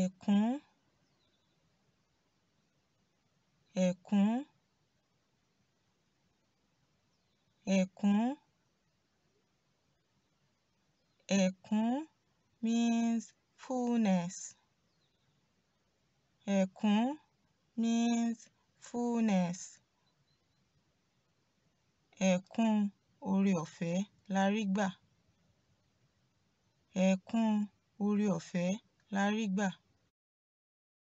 ẹ̀kún ẹ̀kún ẹ̀kún ẹ̀kún means fullness ẹ̀kún means fullness ẹ̀kún oore-ọ̀fẹ́ la ẹ̀kún oore-ọ̀fẹ́ la rí gbà